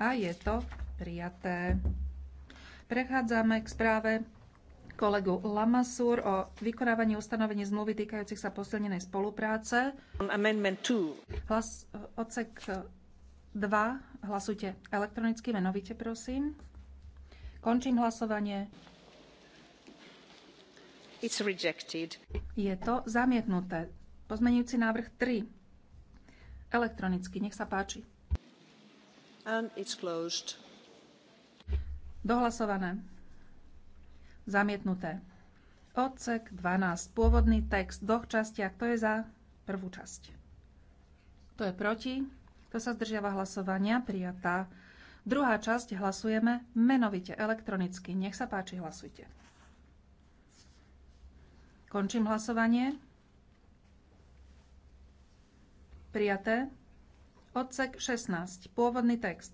a je to prijaté. Prechádzame k správe kolegu Lamasur o vykonávaní ustanovení zmluvy týkajúcich sa posilnenej spolupráce. Hlas, odsek 2. Hlasujte elektronicky, menovite prosím. Končím hlasovanie. It's rejected. Je to zamietnuté. Pozmenujúci návrh 3. Elektronicky, nech sa páči. Dohlasované. Zamietnuté. Odsek 12. Pôvodný text v dvoch častiach. Kto je za prvú časť? Kto je proti? Kto sa zdržiava hlasovania? Prijatá. Druhá časť hlasujeme menovite, elektronicky. Nech sa páči, hlasujte. Končím hlasovanie. Prijaté. Odsek 16. Pôvodný text.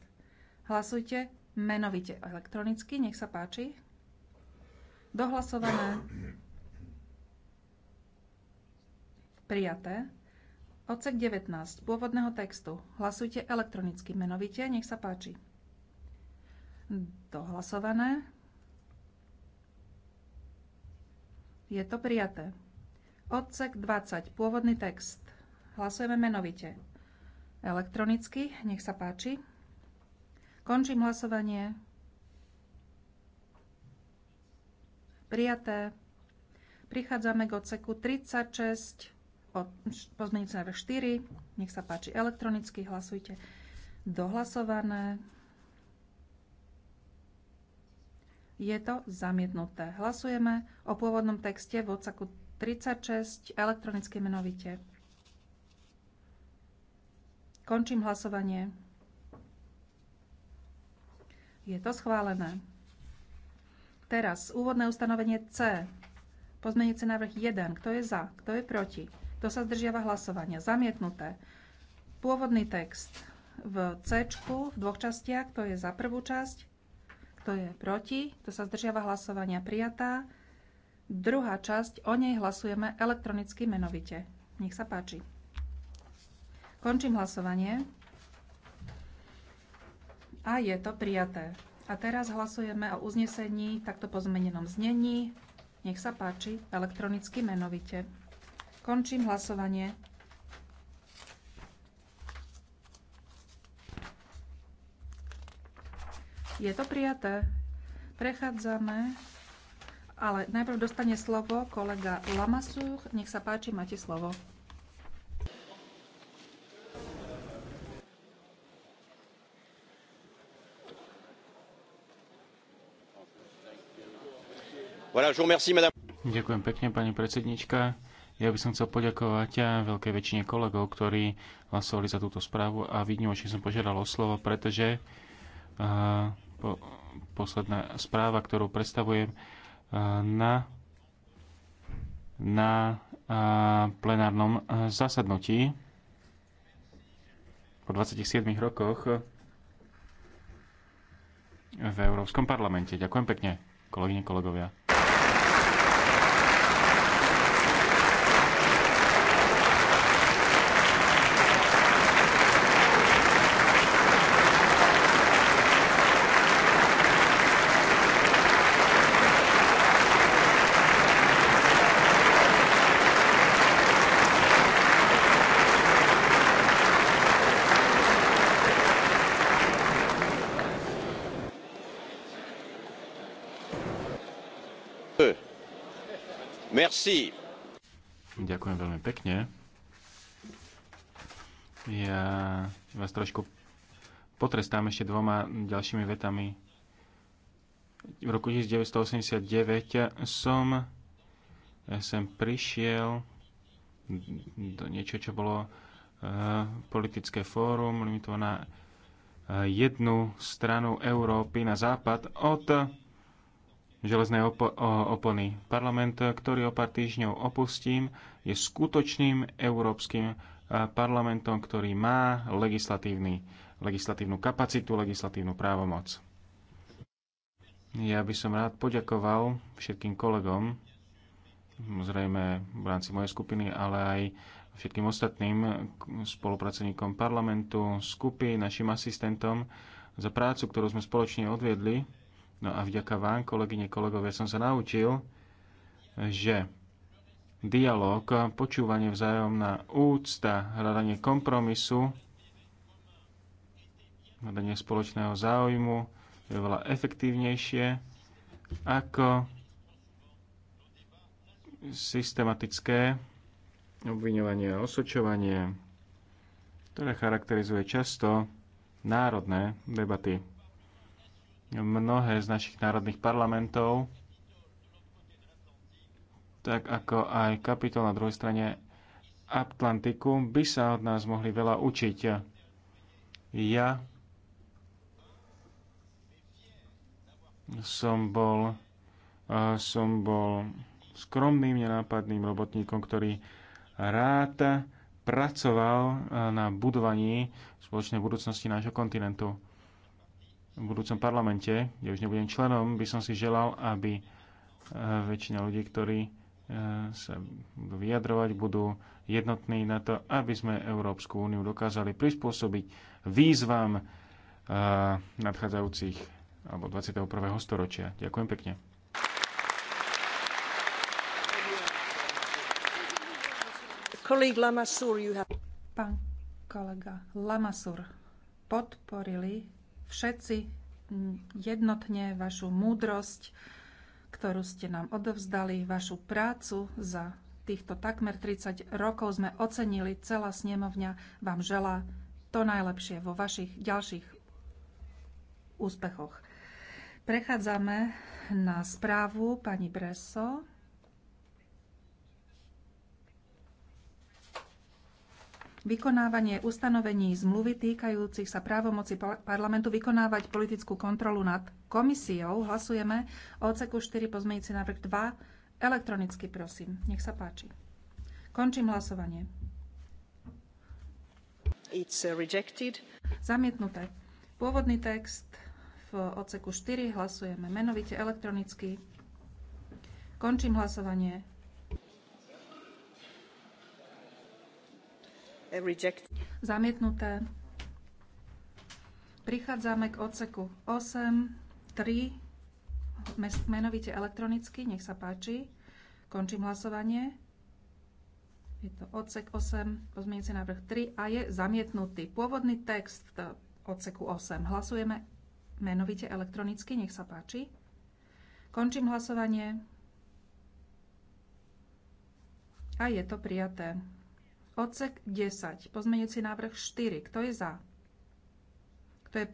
Hlasujte menovite elektronicky. Nech sa páči. Dohlasované. Prijaté. Odsek 19. Pôvodného textu. Hlasujte elektronicky menovite. Nech sa páči. Dohlasované. Je to prijaté. Odsek 20. Pôvodný text. Hlasujeme menovite elektronicky. Nech sa páči. Končím hlasovanie. Prijaté. Prichádzame k odseku 36, pozmeňujúci na 4. Nech sa páči elektronicky, hlasujte. Dohlasované. Je to zamietnuté. Hlasujeme o pôvodnom texte v odsaku 36 elektronicky menovite. Končím hlasovanie. Je to schválené. Teraz úvodné ustanovenie C. Pozmeniaci návrh 1. Kto je za? Kto je proti? Kto sa zdržiava hlasovania? Zamietnuté. Pôvodný text v C v dvoch častiach. Kto je za prvú časť? Kto je proti? Kto sa zdržiava hlasovania? Prijatá. Druhá časť, o nej hlasujeme elektronicky menovite. Nech sa páči. Končím hlasovanie. A je to prijaté. A teraz hlasujeme o uznesení takto pozmenenom znení. Nech sa páči, elektronicky menovite. Končím hlasovanie. Je to prijaté. Prechádzame, ale najprv dostane slovo kolega Lamasuch. Nech sa páči, máte slovo. Ďakujem pekne, pani predsednička. Ja by som chcel poďakovať a eh, veľkej väčšine kolegov, ktorí hlasovali za túto správu a vidím, že som požiadal o slovo, pretože uh, po, posledná správa, ktorú predstavujem uh, na, na uh, plenárnom uh, zasadnutí po 27 rokoch v Európskom parlamente. Ďakujem pekne, kolegyne, kolegovia. Merci. Ďakujem veľmi pekne. Ja vás trošku potrestám ešte dvoma ďalšími vetami. V roku 1989 som sem prišiel do niečo, čo bolo eh, politické fórum limitované na eh, jednu stranu Európy na západ od železné op- opony. Parlament, ktorý o pár týždňov opustím, je skutočným európskym eh, parlamentom, ktorý má legislatívny, legislatívnu kapacitu, legislatívnu právomoc. Ja by som rád poďakoval všetkým kolegom, zrejme v rámci mojej skupiny, ale aj všetkým ostatným spolupracovníkom parlamentu, skupy, našim asistentom za prácu, ktorú sme spoločne odviedli No a vďaka vám, kolegyne, kolegovia, som sa naučil, že dialog, počúvanie vzájomná úcta, hľadanie kompromisu, hľadanie spoločného záujmu je veľa efektívnejšie ako systematické obviňovanie a osočovanie, ktoré charakterizuje často národné debaty mnohé z našich národných parlamentov, tak ako aj kapitol na druhej strane Atlantiku, by sa od nás mohli veľa učiť. Ja som bol, eh, som bol skromným, nenápadným robotníkom, ktorý rád pracoval eh, na budovaní spoločnej budúcnosti nášho kontinentu v budúcom parlamente, kde už nebudem členom, by som si želal, aby e, väčšina ľudí, ktorí e, sa budú vyjadrovať, budú jednotní na to, aby sme Európsku úniu dokázali prispôsobiť výzvam e, nadchádzajúcich alebo 21. storočia. Ďakujem pekne. Pán kolega Lamasur, podporili všetci jednotne vašu múdrosť, ktorú ste nám odovzdali, vašu prácu za týchto takmer 30 rokov sme ocenili. Celá snemovňa vám želá to najlepšie vo vašich ďalších úspechoch. Prechádzame na správu pani Breso. vykonávanie ustanovení zmluvy týkajúcich sa právomoci parlamentu vykonávať politickú kontrolu nad komisiou. Hlasujeme o odseku 4 pozmeňujúci návrh 2. Elektronicky prosím. Nech sa páči. Končím hlasovanie. It's uh, rejected. Zamietnuté. Pôvodný text v oceku 4 hlasujeme menovite elektronicky. Končím hlasovanie. Eh, Zamietnuté. Prichádzame k odseku 8, 3, menovite elektronicky, nech sa páči. Končím hlasovanie. Je to odsek 8, pozmienujúci návrh 3 a je zamietnutý. Pôvodný text odseku 8. Hlasujeme menovite elektronicky, nech sa páči. Končím hlasovanie. A je to prijaté. Odsek 10. Pozmeňujúci návrh 4. Kto je za? Kto je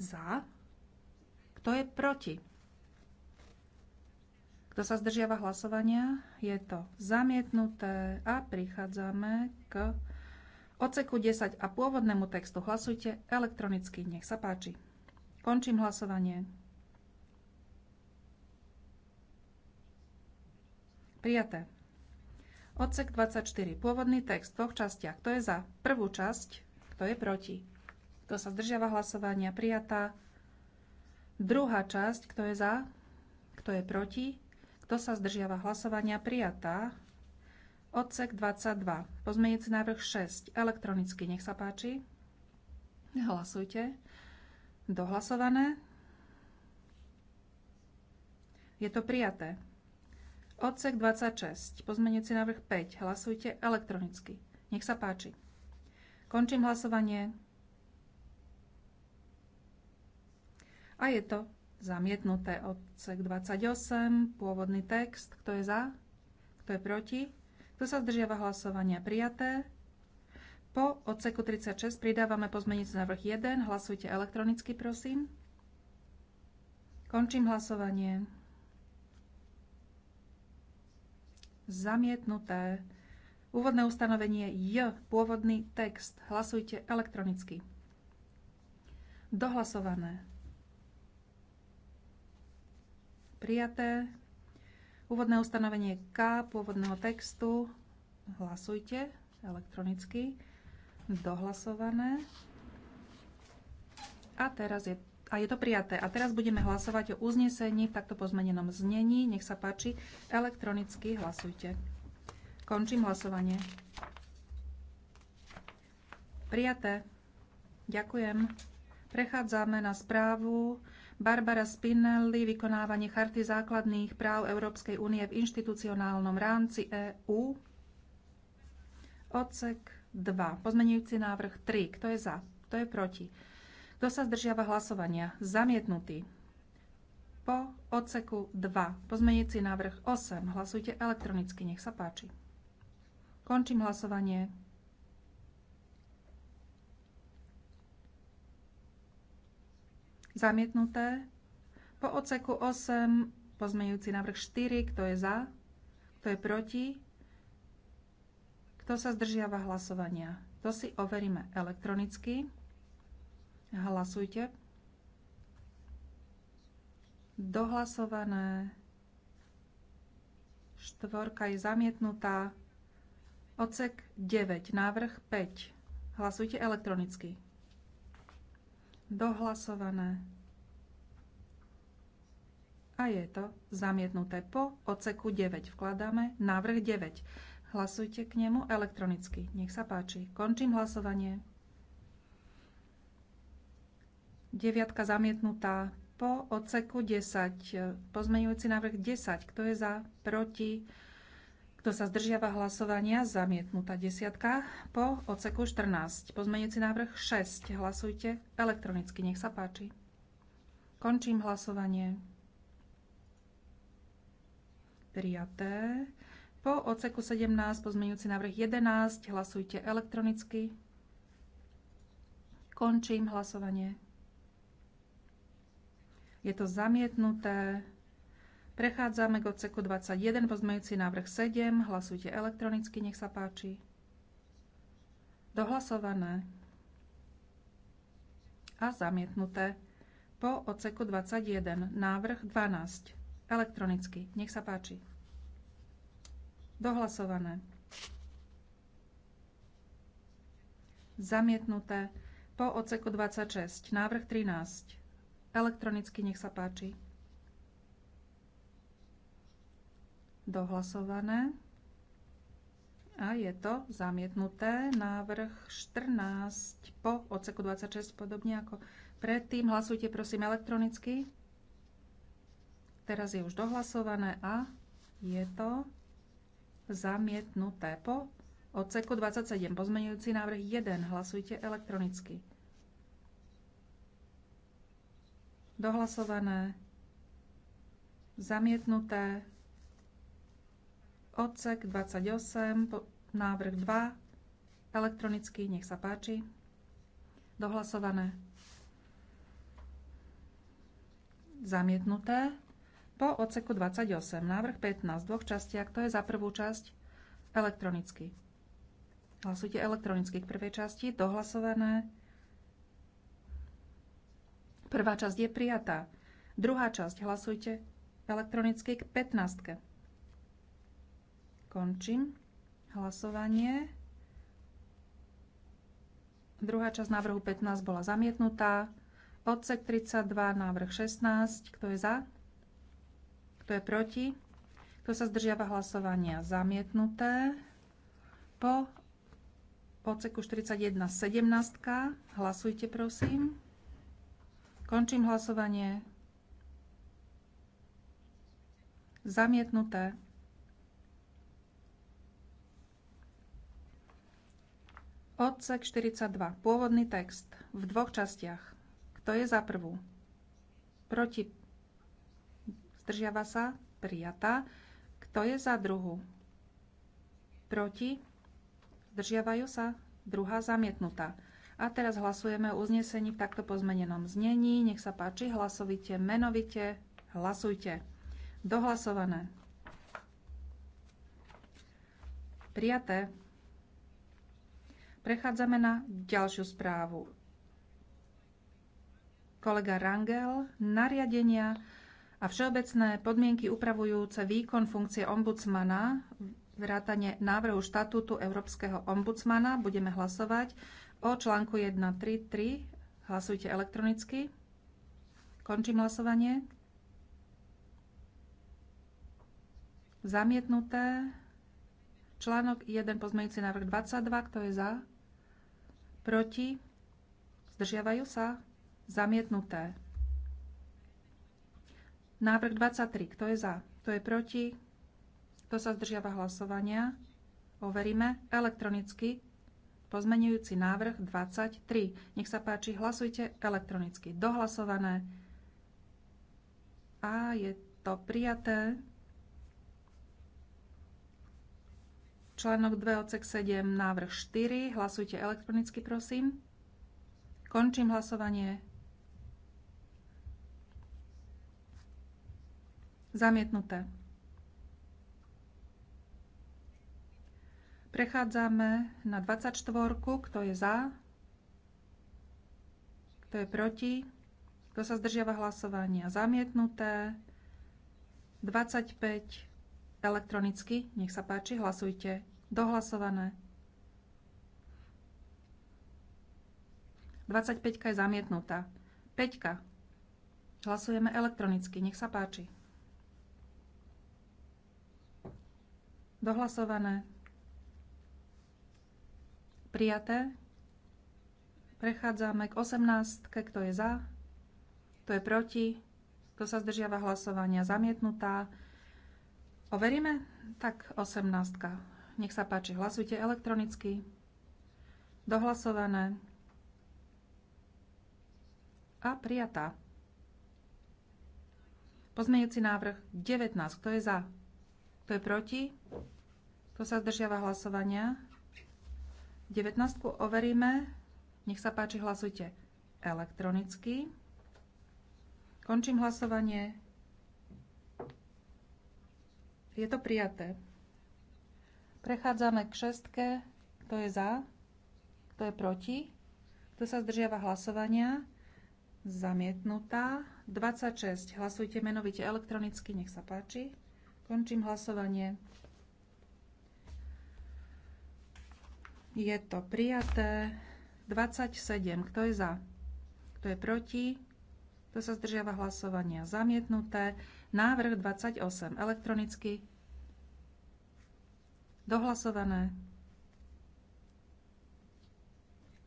za? Kto je proti? Kto sa zdržiava hlasovania? Je to zamietnuté a prichádzame k odseku 10 a pôvodnému textu. Hlasujte elektronicky. Nech sa páči. Končím hlasovanie. Prijaté. Odsek 24. Pôvodný text v dvoch častiach. Kto je za prvú časť? Kto je proti? Kto sa zdržiava hlasovania? Prijatá. Druhá časť. Kto je za? Kto je proti? Kto sa zdržiava hlasovania? Prijatá. Odsek 22. si návrh 6. Elektronicky. Nech sa páči. Hlasujte. Dohlasované. Je to prijaté. Odsek 26. Pozmenujúci návrh 5. Hlasujte elektronicky. Nech sa páči. Končím hlasovanie. A je to zamietnuté. Odsek 28. Pôvodný text. Kto je za? Kto je proti? Kto sa zdržiava hlasovania? Prijaté. Po odseku 36 pridávame pozmenujúci návrh 1. Hlasujte elektronicky, prosím. Končím hlasovanie. Zamietnuté. Úvodné ustanovenie J, pôvodný text. Hlasujte elektronicky. Dohlasované. Prijaté. Úvodné ustanovenie K pôvodného textu. Hlasujte elektronicky. Dohlasované. A teraz je a je to prijaté. A teraz budeme hlasovať o uznesení v takto pozmenenom znení. Nech sa páči, elektronicky hlasujte. Končím hlasovanie. Prijaté. Ďakujem. Prechádzame na správu Barbara Spinelli, vykonávanie Charty základných práv Európskej únie v inštitucionálnom rámci EÚ. Ocek 2. Pozmenujúci návrh 3. Kto je za? Kto je proti? Kto sa zdržiava hlasovania? Zamietnutý. Po odseku 2. Pozmeniaci návrh 8. Hlasujte elektronicky, nech sa páči. Končím hlasovanie. Zamietnuté. Po odseku 8. Pozmejúci návrh 4. Kto je za? Kto je proti? Kto sa zdržiava hlasovania? To si overíme elektronicky. Hlasujte. Dohlasované. Štvorka je zamietnutá. Ocek 9, návrh 5. Hlasujte elektronicky. Dohlasované. A je to zamietnuté po oceku 9. Vkladáme návrh 9. Hlasujte k nemu elektronicky. Nech sa páči. Končím hlasovanie. 9 zamietnutá. Po odseku 10. E, pozmeňujúci návrh 10. Kto je za? Proti? Kto sa zdržiava hlasovania? Zamietnutá 10. Po odseku 14. Pozmeňujúci návrh 6. Hlasujte elektronicky. Nech sa páči. Končím hlasovanie. Prijaté. Po odseku 17. Pozmeňujúci návrh 11. Hlasujte elektronicky. Končím hlasovanie. Je to zamietnuté. Prechádzame k odseku 21, pozmejúci návrh 7. Hlasujte elektronicky, nech sa páči. Dohlasované a zamietnuté. Po odseku 21, návrh 12. Elektronicky, nech sa páči. Dohlasované. Zamietnuté. Po odseku 26, návrh 13. Elektronicky nech sa páči. Dohlasované. A je to zamietnuté. Návrh 14 po odseku 26, podobne ako predtým. Hlasujte prosím elektronicky. Teraz je už dohlasované a je to zamietnuté po odseku 27. Pozmenujúci návrh 1. Hlasujte elektronicky. dohlasované, zamietnuté, odsek 28, návrh 2, elektronicky, nech sa páči, dohlasované, zamietnuté, po odseku 28, návrh 15, v dvoch častiach, to je za prvú časť, elektronicky. Hlasujte elektronicky k prvej časti, dohlasované, Prvá časť je prijatá. Druhá časť hlasujte elektronicky k 15. Končím hlasovanie. Druhá časť návrhu 15 bola zamietnutá. Odsek 32, návrh 16. Kto je za? Kto je proti? Kto sa zdržiava hlasovania? Zamietnuté. Po odseku 41, 17. Hlasujte, prosím. Končím hlasovanie. Zamietnuté. Odsek 42. Pôvodný text. V dvoch častiach. Kto je za prvú? Proti. Zdržiava sa. Prijatá. Kto je za druhú? Proti. Zdržiavajú sa. Druhá zamietnutá. A teraz hlasujeme o uznesení v takto pozmenenom znení. Nech sa páči, hlasovite, menovite, hlasujte. Dohlasované. Prijaté. Prechádzame na ďalšiu správu. Kolega Rangel, nariadenia a všeobecné podmienky upravujúce výkon funkcie ombudsmana, vrátane návrhu štatútu Európskeho ombudsmana. Budeme hlasovať O článku 1.3.3 hlasujte elektronicky. Končím hlasovanie. Zamietnuté. Článok 1 pozmeňujúci návrh 22. Kto je za? Proti? Zdržiavajú sa? Zamietnuté. Návrh 23. Kto je za? Kto je proti? Kto sa zdržiava hlasovania? Overíme elektronicky. Pozmenujúci návrh 23. Nech sa páči, hlasujte elektronicky. Dohlasované. A je to prijaté. Článok 2 odsek 7, návrh 4. Hlasujte elektronicky, prosím. Končím hlasovanie. Zamietnuté. Prechádzame na 24. Kto je za? Kto je proti? Kto sa zdržiava hlasovania? Zamietnuté. 25 elektronicky. Nech sa páči, hlasujte. Dohlasované. 25 je zamietnutá. 5. Hlasujeme elektronicky. Nech sa páči. Dohlasované. Prijaté. Prechádzame k 18. Kto je za? Kto je proti? Kto sa zdržiava hlasovania? Zamietnutá. Overíme? Tak 18. Nech sa páči, hlasujte elektronicky. Dohlasované. A prijatá. Pozmejúci návrh 19. Kto je za? Kto je proti? Kto sa zdržiava hlasovania? 19 overíme. Nech sa páči, hlasujte elektronicky. Končím hlasovanie. Je to prijaté. Prechádzame k šestke. Kto je za? Kto je proti? Kto sa zdržiava hlasovania? Zamietnutá. 26. Hlasujte menovite elektronicky. Nech sa páči. Končím hlasovanie. Je to prijaté. 27. Kto je za? Kto je proti? Kto sa zdržiava hlasovania? Zamietnuté. Návrh 28. Elektronicky. Dohlasované.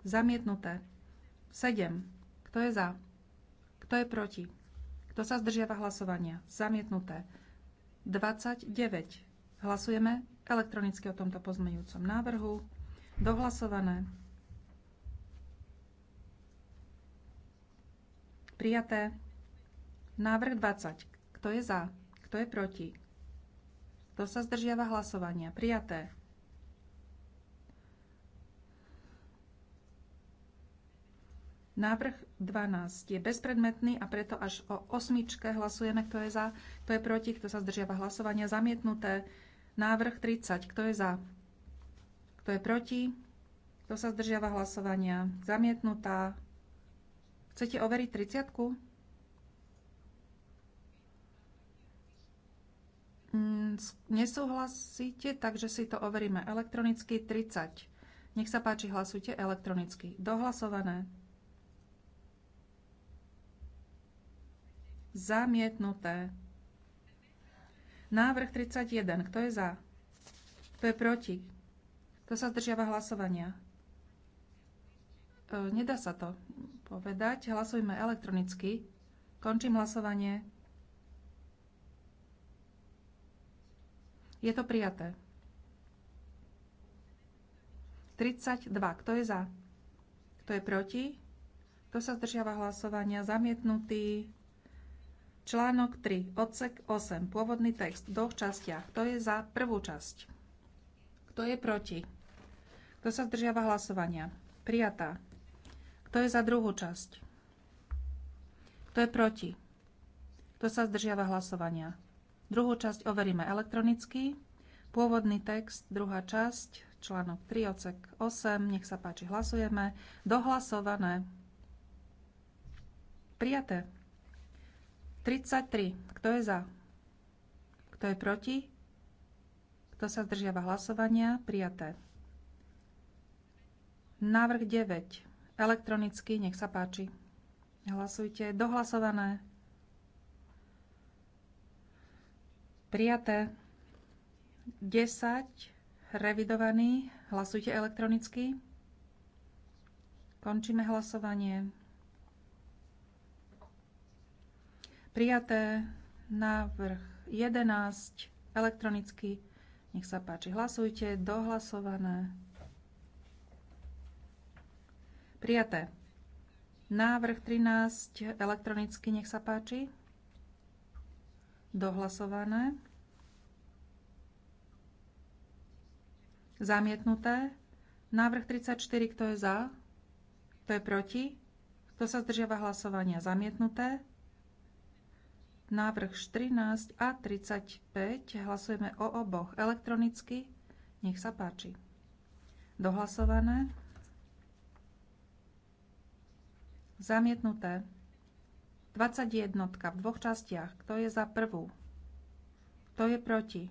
Zamietnuté. 7. Kto je za? Kto je proti? Kto sa zdržiava hlasovania? Zamietnuté. 29. Hlasujeme elektronicky o tomto pozmeňujúcom návrhu. Dohlasované. Prijaté. Návrh 20. Kto je za? Kto je proti? Kto sa zdržiava hlasovania? Prijaté. Návrh 12 je bezpredmetný a preto až o osmičke hlasujeme, kto je za, kto je proti, kto sa zdržiava hlasovania, zamietnuté. Návrh 30, kto je za, kto je proti? Kto sa zdržiava hlasovania? Zamietnutá. Chcete overiť 30? Mm, nesúhlasíte, takže si to overíme elektronicky 30. Nech sa páči, hlasujte elektronicky. Dohlasované. Zamietnuté. Návrh 31. Kto je za? Kto je proti? Kto sa zdržiava hlasovania? E, nedá sa to povedať. Hlasujme elektronicky. Končím hlasovanie. Je to prijaté. 32. Kto je za? Kto je proti? Kto sa zdržiava hlasovania? Zamietnutý. Článok 3, odsek 8, pôvodný text v dvoch častiach. Kto je za prvú časť? Kto je proti? Kto sa zdržiava hlasovania? Prijatá. Kto je za druhú časť? Kto je proti? Kto sa zdržiava hlasovania? Druhú časť overíme elektronicky. Pôvodný text, druhá časť, článok 3, odsek 8. Nech sa páči, hlasujeme. Dohlasované. Prijaté. 33. Kto je za? Kto je proti? Kto sa zdržiava hlasovania? Prijaté. Návrh 9. Elektronicky, nech sa páči. Hlasujte. Dohlasované. Prijaté. 10. Revidovaný. Hlasujte elektronicky. Končíme hlasovanie. Prijaté. Návrh 11. Elektronicky. Nech sa páči, hlasujte. Dohlasované. Prijaté. Návrh 13 elektronicky, nech sa páči. Dohlasované. Zamietnuté. Návrh 34, kto je za? Kto je proti? Kto sa zdržiava hlasovania? Zamietnuté. Návrh 14 a 35. Hlasujeme o oboch elektronicky. Nech sa páči. Dohlasované. Zamietnuté. 21 v dvoch častiach. Kto je za prvú? Kto je proti?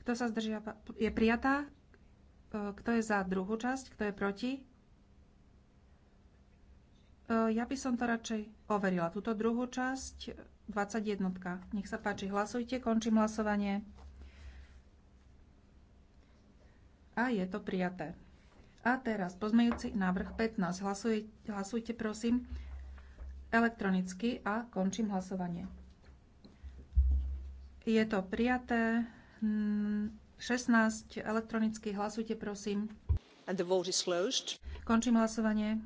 Kto sa zdržiava? Je prijatá? E, kto je za druhú časť? Kto je proti? E, ja by som to radšej overila. Túto druhú časť 21. Nech sa páči, hlasujte, končím hlasovanie. A je to prijaté. A teraz pozmejúci návrh 15. hlasujte prosím elektronicky a končím hlasovanie. Je to prijaté. 16 elektronicky. Hlasujte prosím. And the vote is closed. Končím hlasovanie.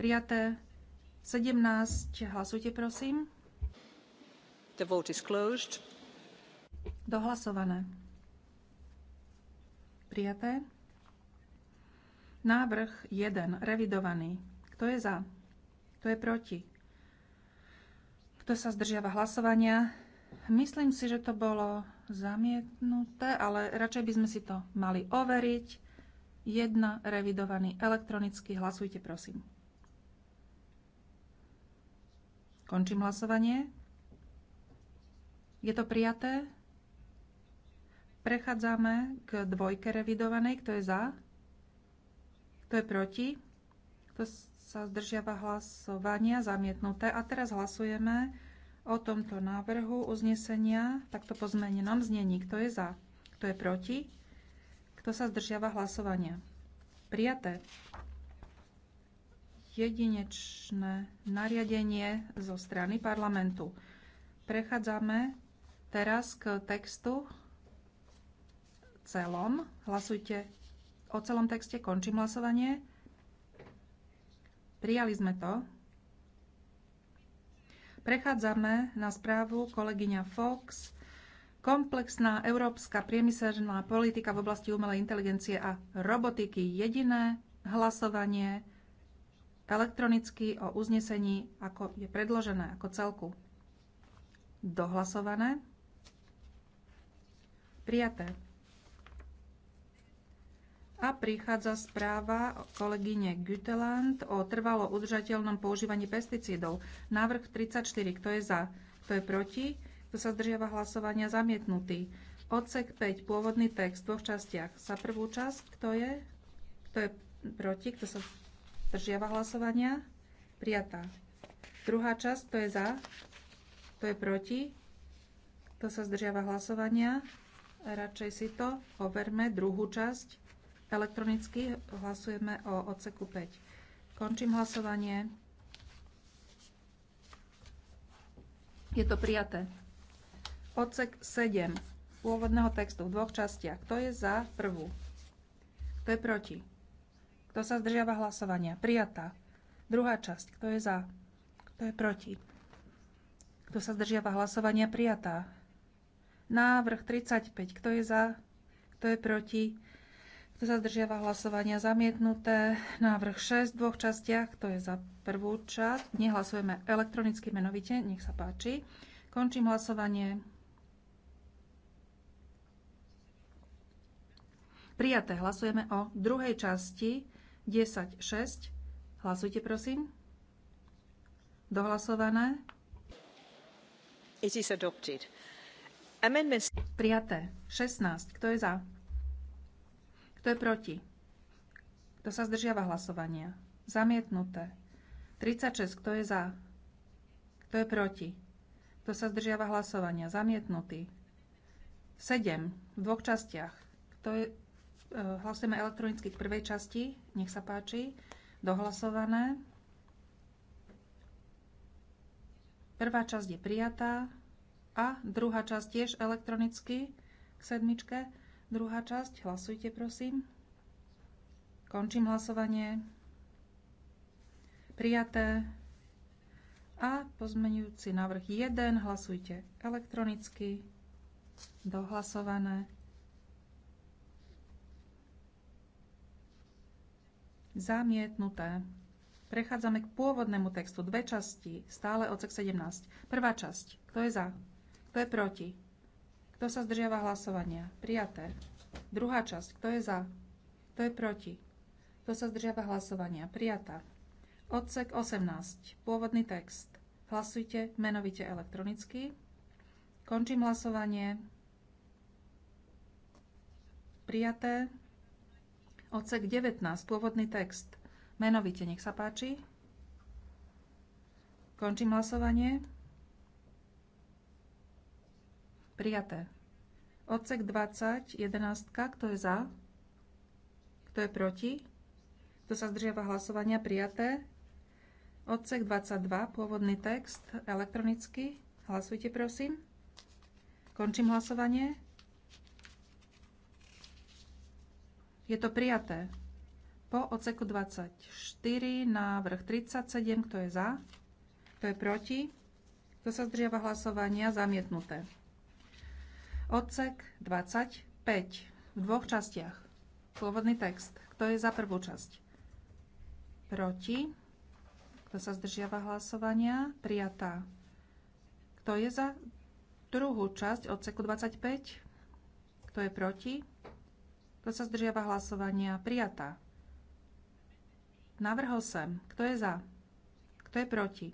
Prijaté. 17. Hlasujte, prosím. The vote is closed. Dohlasované. Prijaté. Návrh 1. Revidovaný. Kto je za? Kto je proti? Kto sa zdržiava hlasovania? Myslím si, že to bolo zamietnuté, ale radšej by sme si to mali overiť. 1. Revidovaný elektronicky. Hlasujte, prosím. Končím hlasovanie. Je to prijaté? Prechádzame k dvojke revidovanej. Kto je za? Kto je proti? Kto sa zdržiava hlasovania? Zamietnuté. A teraz hlasujeme o tomto návrhu uznesenia takto pozmenenom znení. Kto je za? Kto je proti? Kto sa zdržiava hlasovania? Prijaté jedinečné nariadenie zo strany parlamentu. Prechádzame teraz k textu celom. Hlasujte o celom texte. Končím hlasovanie. Prijali sme to. Prechádzame na správu kolegyňa Fox. Komplexná európska priemyselná politika v oblasti umelej inteligencie a robotiky. Jediné hlasovanie elektronicky o uznesení, ako je predložené, ako celku. Dohlasované. Prijaté. A prichádza správa kolegyne Güteland o trvalo udržateľnom používaní pesticídov. Návrh 34. Kto je za? Kto je proti? Kto sa zdržiava hlasovania? Zamietnutý. Odsek 5. Pôvodný text v dvoch častiach. Za prvú časť. Kto je? Kto je proti? Kto sa zdržiava hlasovania, prijatá. Druhá časť, to je za, to je proti, to sa zdržiava hlasovania. Radšej si to overme, druhú časť. Elektronicky hlasujeme o odseku 5. Končím hlasovanie. Je to prijaté. Odsek 7 pôvodného textu v dvoch častiach. Kto je za prvú? Kto je proti? Kto sa zdržiava hlasovania? Prijatá. Druhá časť. Kto je za? Kto je proti? Kto sa zdržiava hlasovania? Prijatá. Návrh 35. Kto je za? Kto je proti? Kto sa zdržiava hlasovania? Zamietnuté. Návrh 6 v dvoch častiach. Kto je za prvú časť? Nehlasujeme elektronicky menovite. Nech sa páči. Končím hlasovanie. Prijaté. Hlasujeme o druhej časti 10, 6. Hlasujte, prosím. Dohlasované. It is adopted. Amendments... Prijaté. 16. Kto je za? Kto je proti? Kto sa zdržiava hlasovania? Zamietnuté. 36. Kto je za? Kto je proti? Kto sa zdržiava hlasovania? Zamietnutý. 7. V dvoch častiach. Kto je Eh, hlasujeme elektronicky k prvej časti. Nech sa páči. Dohlasované. Prvá časť je prijatá a druhá časť tiež elektronicky k sedmičke. Druhá časť, hlasujte prosím. Končím hlasovanie. Prijaté. A pozmenujúci návrh 1, hlasujte elektronicky. Dohlasované. Zamietnuté. Prechádzame k pôvodnému textu. Dve časti. Stále odsek 17. Prvá časť. Kto je za? Kto je proti? Kto sa zdržiava hlasovania? Prijaté. Druhá časť. Kto je za? Kto je proti? Kto sa zdržiava hlasovania? Prijatá. Odsek 18. Pôvodný text. Hlasujte menovite elektronicky. Končím hlasovanie. Prijaté. Odsek 19, pôvodný text. Menovite, nech sa páči. Končím hlasovanie. Prijaté. Odsek 20, 11, kto je za? Kto je proti? Kto sa zdržiava hlasovania? Prijaté. Odsek 22, pôvodný text, elektronicky. Hlasujte, prosím. Končím hlasovanie. Je to prijaté. Po odseku 24 návrh 37, kto je za, kto je proti, kto sa zdržiava hlasovania, zamietnuté. Odsek 25 v dvoch častiach. Pôvodný text. Kto je za prvú časť? Proti. Kto sa zdržiava hlasovania? Prijatá. Kto je za druhú časť odseku 25? Kto je proti? Kto sa zdržiava hlasovania? Prijatá. Návrh 8. Kto je za? Kto je proti?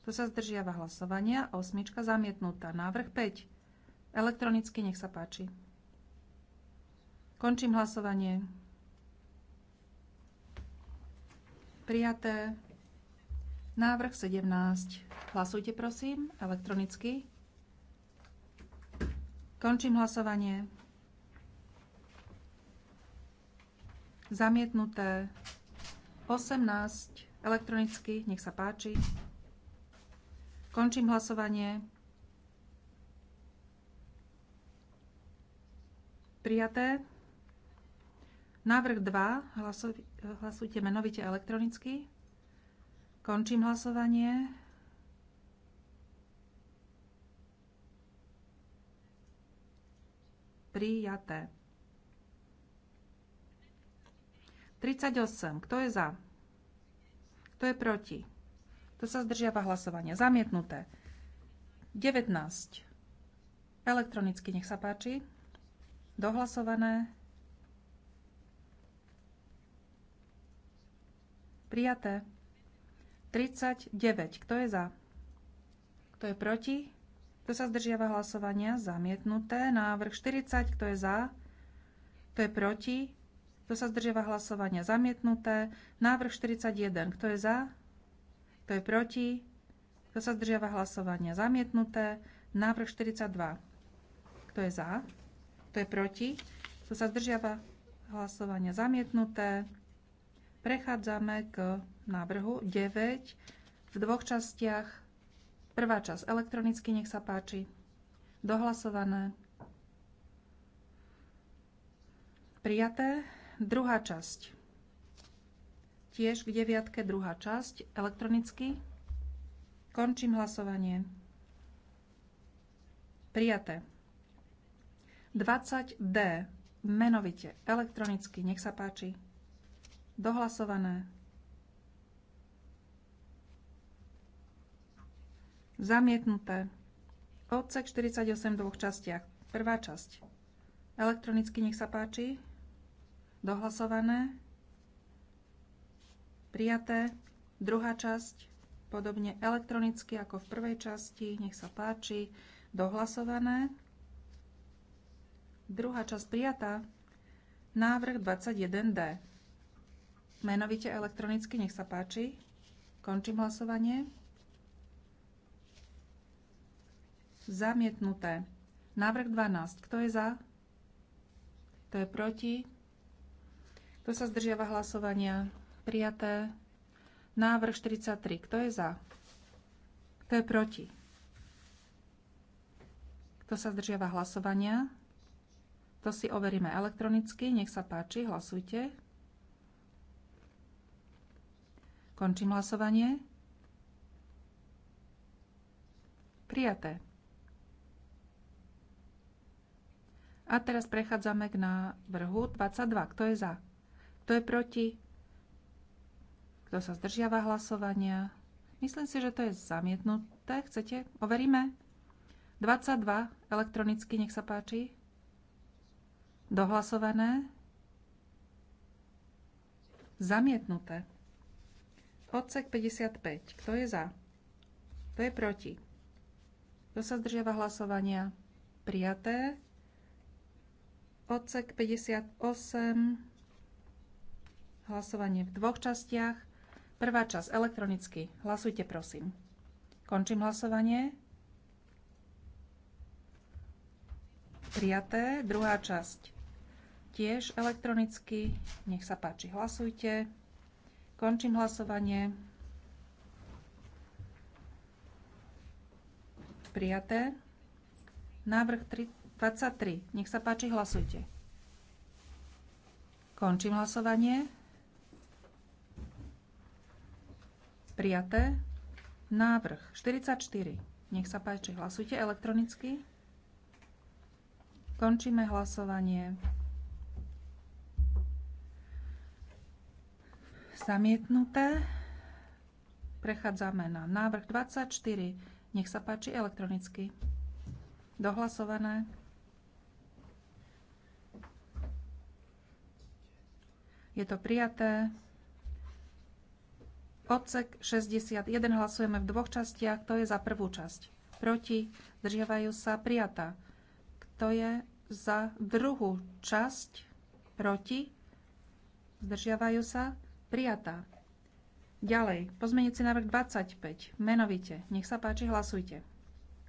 Kto sa zdržiava hlasovania? Osmička zamietnutá. Návrh 5. Elektronicky nech sa páči. Končím hlasovanie. Prijaté. Návrh 17. Hlasujte prosím elektronicky. Končím hlasovanie. Zamietnuté. 18. Elektronicky. Nech sa páči. Končím hlasovanie. Prijaté. Návrh 2. hlasujte menovite elektronicky. Končím hlasovanie. Prijaté. 38. Kto je za? Kto je proti? Kto sa zdržiava hlasovania? Zamietnuté. 19. Elektronicky, nech sa páči. Dohlasované. Prijaté. 39. Kto je za? Kto je proti? Kto sa zdržiava hlasovania? Zamietnuté. Návrh 40. Kto je za? Kto je proti? Kto sa zdržiava hlasovania? Zamietnuté. Návrh 41. Kto je za? Kto je proti? Kto sa zdržiava hlasovania? Zamietnuté. Návrh 42. Kto je za? Kto je proti? Kto sa zdržiava hlasovania? Zamietnuté. Prechádzame k návrhu 9 v dvoch častiach. Prvá časť elektronicky, nech sa páči. Dohlasované. Prijaté. Druhá časť. Tiež k deviatke druhá časť elektronicky. Končím hlasovanie. Prijaté. 20D. Menovite. Elektronicky. Nech sa páči. Dohlasované. Zamietnuté. Odsek 48 v dvoch častiach. Prvá časť. Elektronicky nech sa páči dohlasované, prijaté. Druhá časť podobne elektronicky ako v prvej časti, nech sa páči, dohlasované. Druhá časť prijatá. Návrh 21D. Menovite elektronicky, nech sa páči. Končím hlasovanie. Zamietnuté. Návrh 12. Kto je za? Kto je proti? Kto sa zdržiava hlasovania? Prijaté. Návrh 43. Kto je za? Kto je proti? Kto sa zdržiava hlasovania? To si overíme elektronicky. Nech sa páči, hlasujte. Končím hlasovanie. Prijaté. A teraz prechádzame k návrhu 22. Kto je za? Kto je proti? Kto sa zdržiava hlasovania? Myslím si, že to je zamietnuté. Chcete? Overíme. 22 elektronicky, nech sa páči. Dohlasované. Zamietnuté. Odsek 55. Kto je za? Kto je proti? Kto sa zdržiava hlasovania? Prijaté. Odsek 58. Hlasovanie v dvoch častiach. Prvá časť elektronicky. Hlasujte, prosím. Končím hlasovanie. Prijaté. Druhá časť tiež elektronicky. Nech sa páči, hlasujte. Končím hlasovanie. Prijaté. Návrh 23. Nech sa páči, hlasujte. Končím hlasovanie. Prijaté. Návrh 44. Nech sa páči, hlasujte elektronicky. Končíme hlasovanie. Zamietnuté. Prechádzame na návrh 24. Nech sa páči elektronicky. Dohlasované. Je to prijaté. Odsek 61 hlasujeme v dvoch častiach. Kto je za prvú časť? Proti? Zdržiavajú sa? Prijatá. Kto je za druhú časť? Proti? Zdržiavajú sa? Prijatá. Ďalej. pozmeniť si návrh 25. Menovite. Nech sa páči, hlasujte.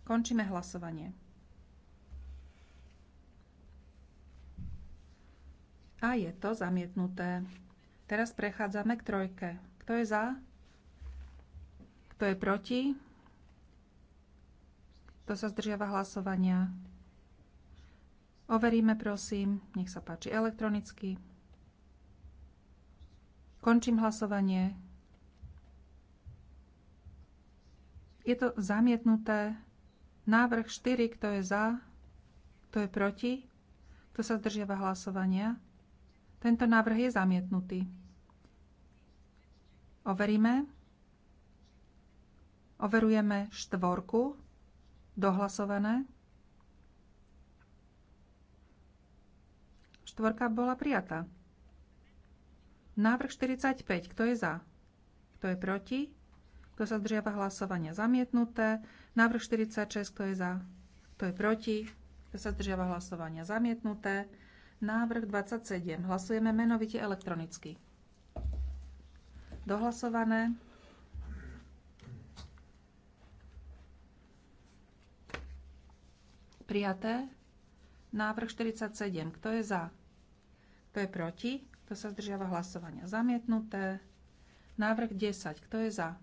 Končíme hlasovanie. A je to zamietnuté. Teraz prechádzame k trojke. Kto je za? Kto je proti? Kto sa zdržiava hlasovania? Overíme, prosím. Nech sa páči elektronicky. Končím hlasovanie. Je to zamietnuté. Návrh 4, kto je za, kto je proti, kto sa zdržiava hlasovania. Tento návrh je zamietnutý. Overíme. Overujeme štvorku, dohlasované. Štvorka bola prijatá. Návrh 45. Kto je za? Kto je proti? Kto sa zdržiava hlasovania? Zamietnuté. Návrh 46. Kto je za? Kto je proti? Kto sa zdržiava hlasovania? Zamietnuté. Návrh 27. Hlasujeme menovite elektronicky dohlasované. Prijaté. Návrh 47. Kto je za? Kto je proti? Kto sa zdržiava hlasovania? Zamietnuté. Návrh 10. Kto je za?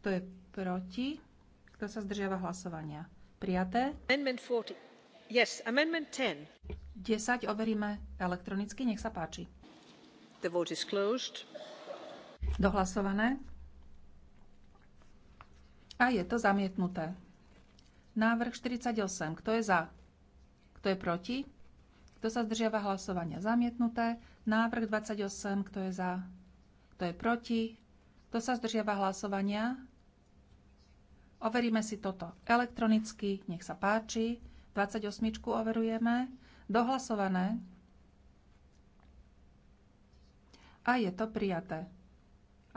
Kto je proti? Kto sa zdržiava hlasovania? Prijaté. Amendment 40. Yes, amendment 10. 10 overíme elektronicky. Nech sa páči. The vote is closed dohlasované a je to zamietnuté. Návrh 48. Kto je za? Kto je proti? Kto sa zdržiava hlasovania? Zamietnuté. Návrh 28. Kto je za? Kto je proti? Kto sa zdržiava hlasovania? Overíme si toto elektronicky. Nech sa páči. 28. overujeme. Dohlasované. A je to prijaté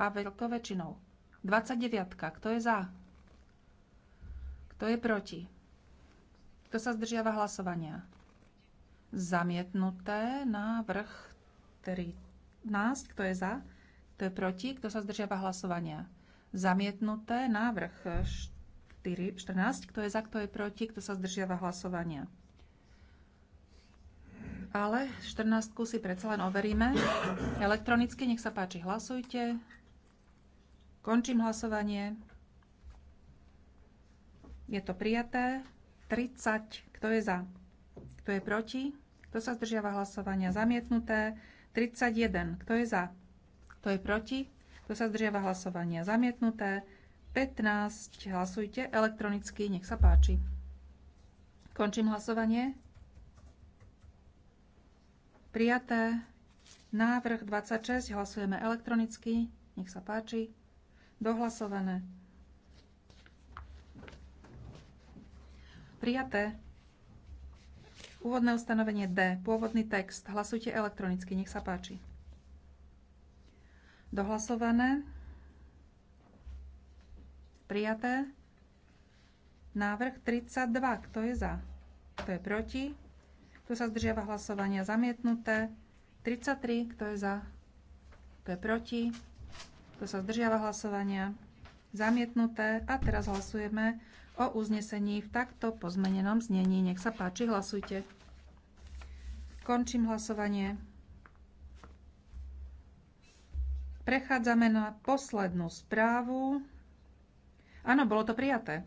a veľkou väčšinou. 29. Kto je za? Kto je proti? Kto sa zdržiava hlasovania? Zamietnuté návrh 13. Kto je za? Kto je proti? Kto sa zdržiava hlasovania? Zamietnuté návrh 4, 14. Kto je za? Kto je proti? Kto sa zdržiava hlasovania? Ale 14 si predsa len overíme. Elektronicky, nech sa páči, hlasujte. Končím hlasovanie. Je to prijaté. 30. Kto je za? Kto je proti? Kto sa zdržiava hlasovania? Zamietnuté. 31. Kto je za? Kto je proti? Kto sa zdržiava hlasovania? Zamietnuté. 15. Hlasujte elektronicky. Nech sa páči. Končím hlasovanie. Prijaté. Návrh 26. Hlasujeme elektronicky. Nech sa páči. Dohlasované. Prijaté. Úvodné ustanovenie D. Pôvodný text. Hlasujte elektronicky. Nech sa páči. Dohlasované. Prijaté. Návrh 32. Kto je za? Kto je proti? Kto sa zdržiava hlasovania? Zamietnuté. 33. Kto je za? Kto je proti? Kto sa zdržiava hlasovania? Zamietnuté. A teraz hlasujeme o uznesení v takto pozmenenom znení. Nech sa páči, hlasujte. Končím hlasovanie. Prechádzame na poslednú správu. Áno, bolo to prijaté.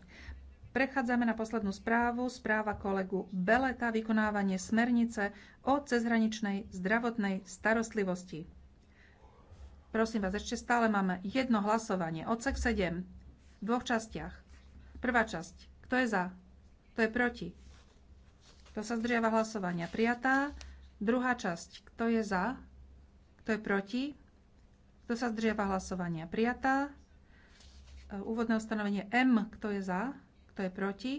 Prechádzame na poslednú správu. Správa kolegu Beleta, vykonávanie smernice o cezhraničnej zdravotnej starostlivosti. Prosím vás, ešte stále máme jedno hlasovanie. Odsek 7. V dvoch častiach. Prvá časť. Kto je za? Kto je proti? Kto sa zdržiava hlasovania? Prijatá. Druhá časť. Kto je za? Kto je proti? Kto sa zdržiava hlasovania? Prijatá. E, úvodné ustanovenie M. Kto je za? Kto je proti?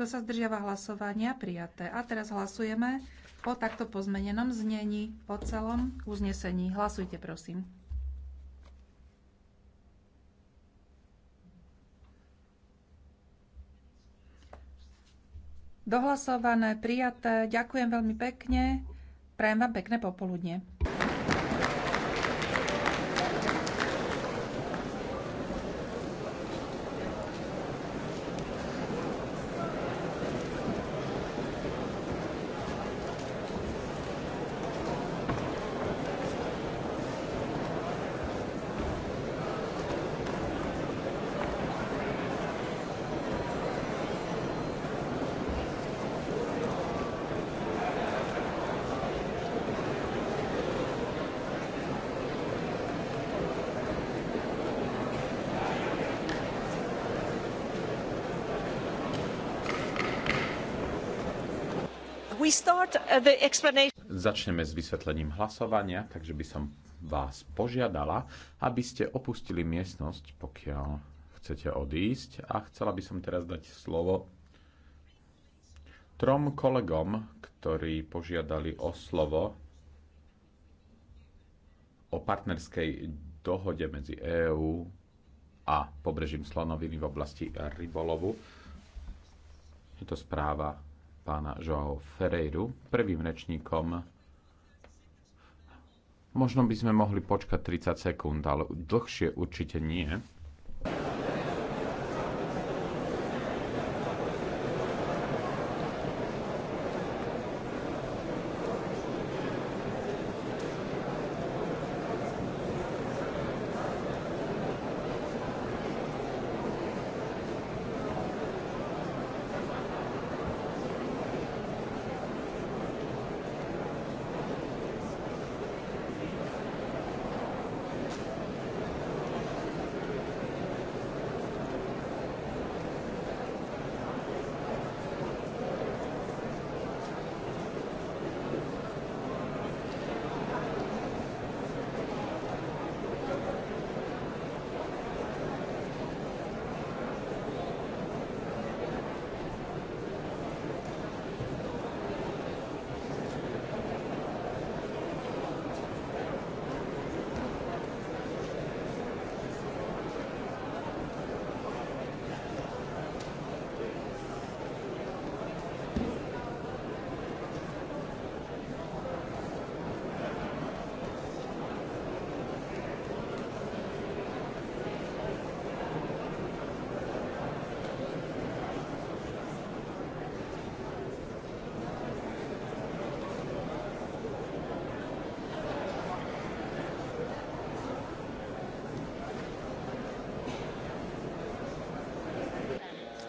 Kto sa zdržiava hlasovania? Prijaté. A teraz hlasujeme po takto pozmenenom znení, po celom uznesení. Hlasujte, prosím. Dohlasované, prijaté. Ďakujem veľmi pekne. Prajem vám pekné popoludne. Uh, Začneme s vysvetlením hlasovania, takže by som vás požiadala, aby ste opustili miestnosť, pokiaľ chcete odísť. A chcela by som teraz dať slovo trom kolegom, ktorí požiadali o slovo o partnerskej dohode medzi EÚ a pobrežím Slonoviny v oblasti rybolovu. Je to správa pána Joao Ferreiru prvým rečníkom. Možno by sme mohli počkať 30 sekúnd, ale dlhšie určite nie.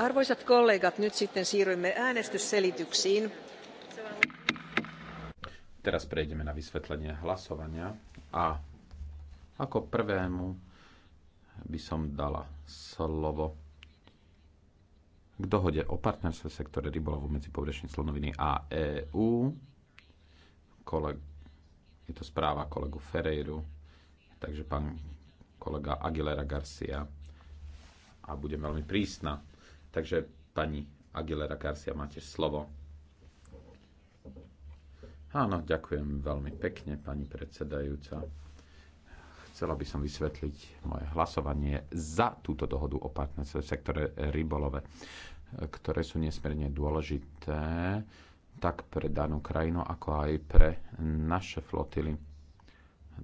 Arvoisat kollegat, nyt sitten siirrymme äänestysselityksiin. Teraz prejdeme na vysvetlenie hlasovania a ako prvému by som dala slovo k dohode o partnerstve v sektore rybolovu medzi pobrežím slonoviny a EÚ. Koleg, je to správa kolegu Ferreiru, takže pán kolega Aguilera Garcia a budem veľmi prísna Takže pani Aguilera Garcia, máte slovo. Áno, ďakujem veľmi pekne, pani predsedajúca. Chcela by som vysvetliť moje hlasovanie za túto dohodu o partnerstve v sektore rybolove, ktoré sú nesmierne dôležité tak pre danú krajinu, ako aj pre naše flotily.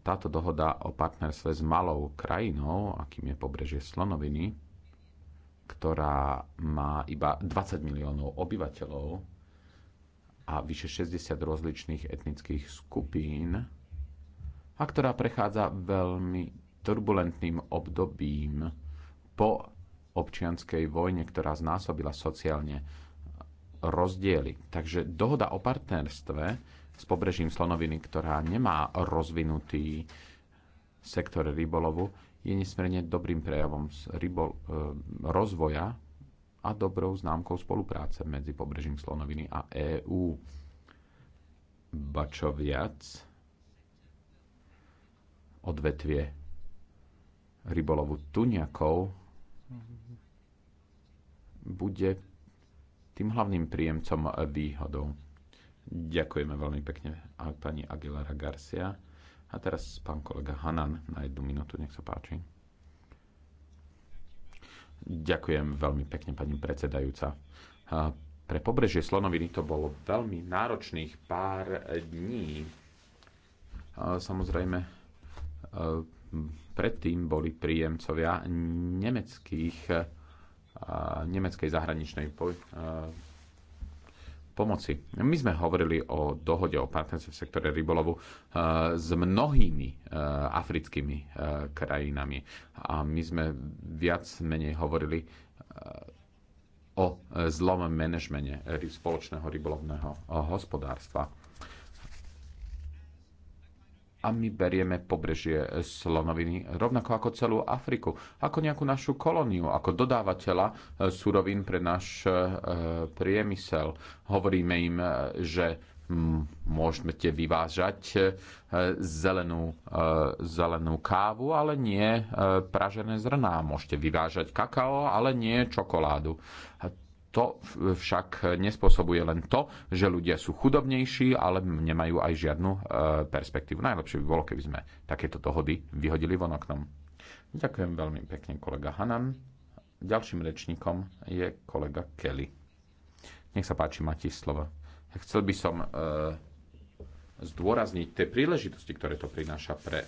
Táto dohoda o partnerstve s malou krajinou, akým je pobrežie Slonoviny, ktorá má iba 20 miliónov obyvateľov a vyše 60 rozličných etnických skupín a ktorá prechádza veľmi turbulentným obdobím po občianskej vojne, ktorá znásobila sociálne rozdiely. Takže dohoda o partnerstve s pobrežím Slonoviny, ktorá nemá rozvinutý sektor rybolovu, je nesmierne dobrým prejavom z rybol, e, rozvoja a dobrou známkou spolupráce medzi pobrežím slonoviny a EÚ. Bačoviac odvetvie rybolovu tuňakov bude tým hlavným príjemcom výhodou. Ďakujeme veľmi pekne pani Aguilera Garcia. A teraz pán kolega Hanan na jednu minútu, nech sa páči. Ďakujem veľmi pekne, pani predsedajúca. Pre pobrežie Slonoviny to bolo veľmi náročných pár dní. Samozrejme, e, predtým boli príjemcovia nemeckých, nemeckej zahraničnej pomoci. My sme hovorili o dohode o partnerstve v sektore rybolovu eh, s mnohými eh, africkými eh, krajinami a my sme viac menej hovorili o zlom manažmene spoločného rybolovného hospodárstva a my berieme pobrežie slonoviny, rovnako ako celú Afriku, ako nejakú našu kolóniu, ako dodávateľa e, surovín pre náš e, priemysel. Hovoríme im, e, že môžete vyvážať zelenú, zelenú kávu, ale nie pražené zrná. Môžete vyvážať kakao, ale nie čokoládu. To však nespôsobuje len to, že ľudia sú chudobnejší, ale nemajú aj žiadnu e, perspektívu. Najlepšie by bolo, keby sme takéto dohody vyhodili von oknom. Ďakujem veľmi pekne, kolega Hanan. Ďalším rečníkom je kolega Kelly. Nech sa páči, máte slovo. Chcel by som e, zdôrazniť tie príležitosti, ktoré to prináša pre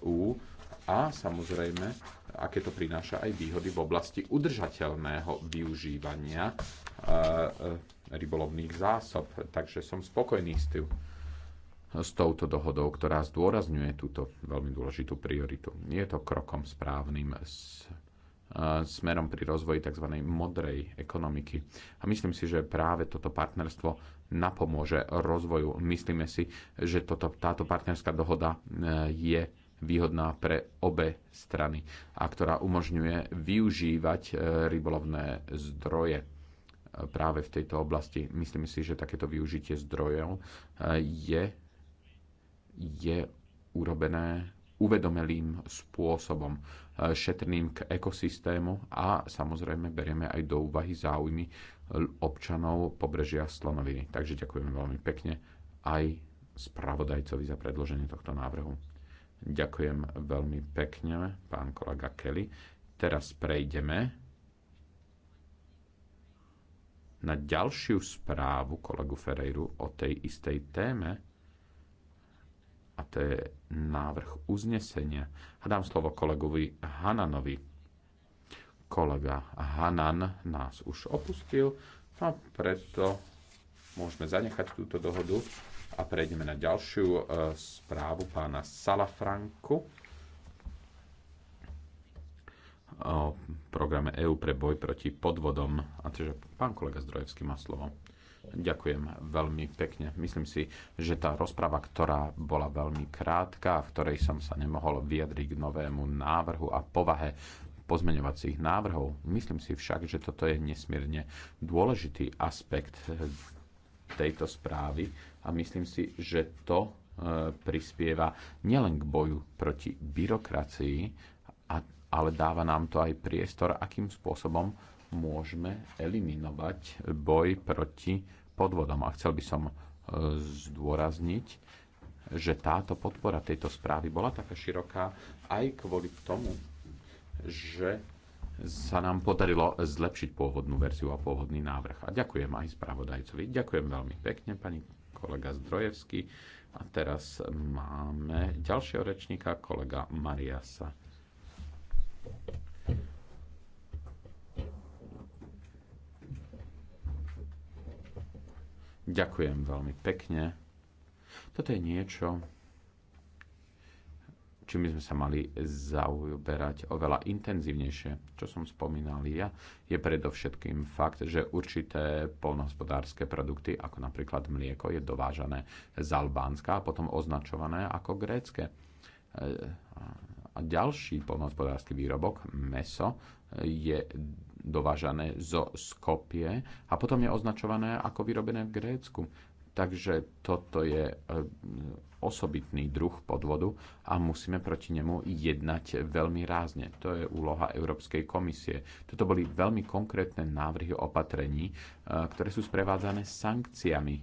EÚ a samozrejme aké to prináša aj výhody v oblasti udržateľného využívania e, e, rybolovných zásob. Takže som spokojný s, tým, s touto dohodou, ktorá zdôrazňuje túto veľmi dôležitú prioritu. Je to krokom správnym s, e, smerom pri rozvoji tzv. modrej ekonomiky. A myslím si, že práve toto partnerstvo napomôže rozvoju. Myslíme si, že toto, táto partnerská dohoda je výhodná pre obe strany a ktorá umožňuje využívať e, rybolovné zdroje e, práve v tejto oblasti. Myslím si, že takéto využitie zdrojov e, je, je urobené uvedomelým spôsobom, šetrným k ekosystému a samozrejme berieme aj do úvahy záujmy občanov pobrežia Slonoviny. Takže ďakujeme veľmi pekne aj spravodajcovi za predloženie tohto návrhu. Ďakujem veľmi pekne, pán kolega Kelly. Teraz prejdeme na ďalšiu správu kolegu Ferreiru o tej istej téme a to je návrh uznesenia. A dám slovo kolegovi Hananovi. Kolega Hanan nás už opustil, a preto môžeme zanechať túto dohodu a prejdeme na ďalšiu e, správu pána Salafranku o programe EÚ pre boj proti podvodom. A čiže pán kolega Zdrojevský má slovo. Ďakujem veľmi pekne. Myslím si, že tá rozpráva, ktorá bola veľmi krátka, v ktorej som sa nemohol vyjadriť k novému návrhu a povahe pozmeňovacích návrhov, myslím si však, že toto je nesmierne dôležitý aspekt tejto správy a myslím si, že to e, prispieva nielen k boju proti byrokracii, ale dáva nám to aj priestor, akým spôsobom môžeme eliminovať boj proti podvodom. A chcel by som e, zdôrazniť, že táto podpora tejto správy bola taká široká aj kvôli tomu, že sa nám podarilo zlepšiť pôvodnú verziu a pôvodný návrh. A ďakujem aj spravodajcovi. Ďakujem veľmi pekne, pani kolega Zdrojevský. A teraz máme ďalšieho rečníka, kolega Mariasa. Ďakujem veľmi pekne. Toto je niečo, čím by sme sa mali zaoberať oveľa intenzívnejšie. Čo som spomínal ja, je predovšetkým fakt, že určité polnohospodárske produkty, ako napríklad mlieko, je dovážané z Albánska a potom označované ako grécké. E, a ďalší polnohospodársky výrobok, meso, je dovážané zo Skopie a potom je označované ako vyrobené v Grécku. Takže toto je e, osobitný druh podvodu a musíme proti nemu jednať veľmi rázne. To je úloha Európskej komisie. Toto boli veľmi konkrétne návrhy opatrení, e, ktoré sú sprevádzané sankciami, e,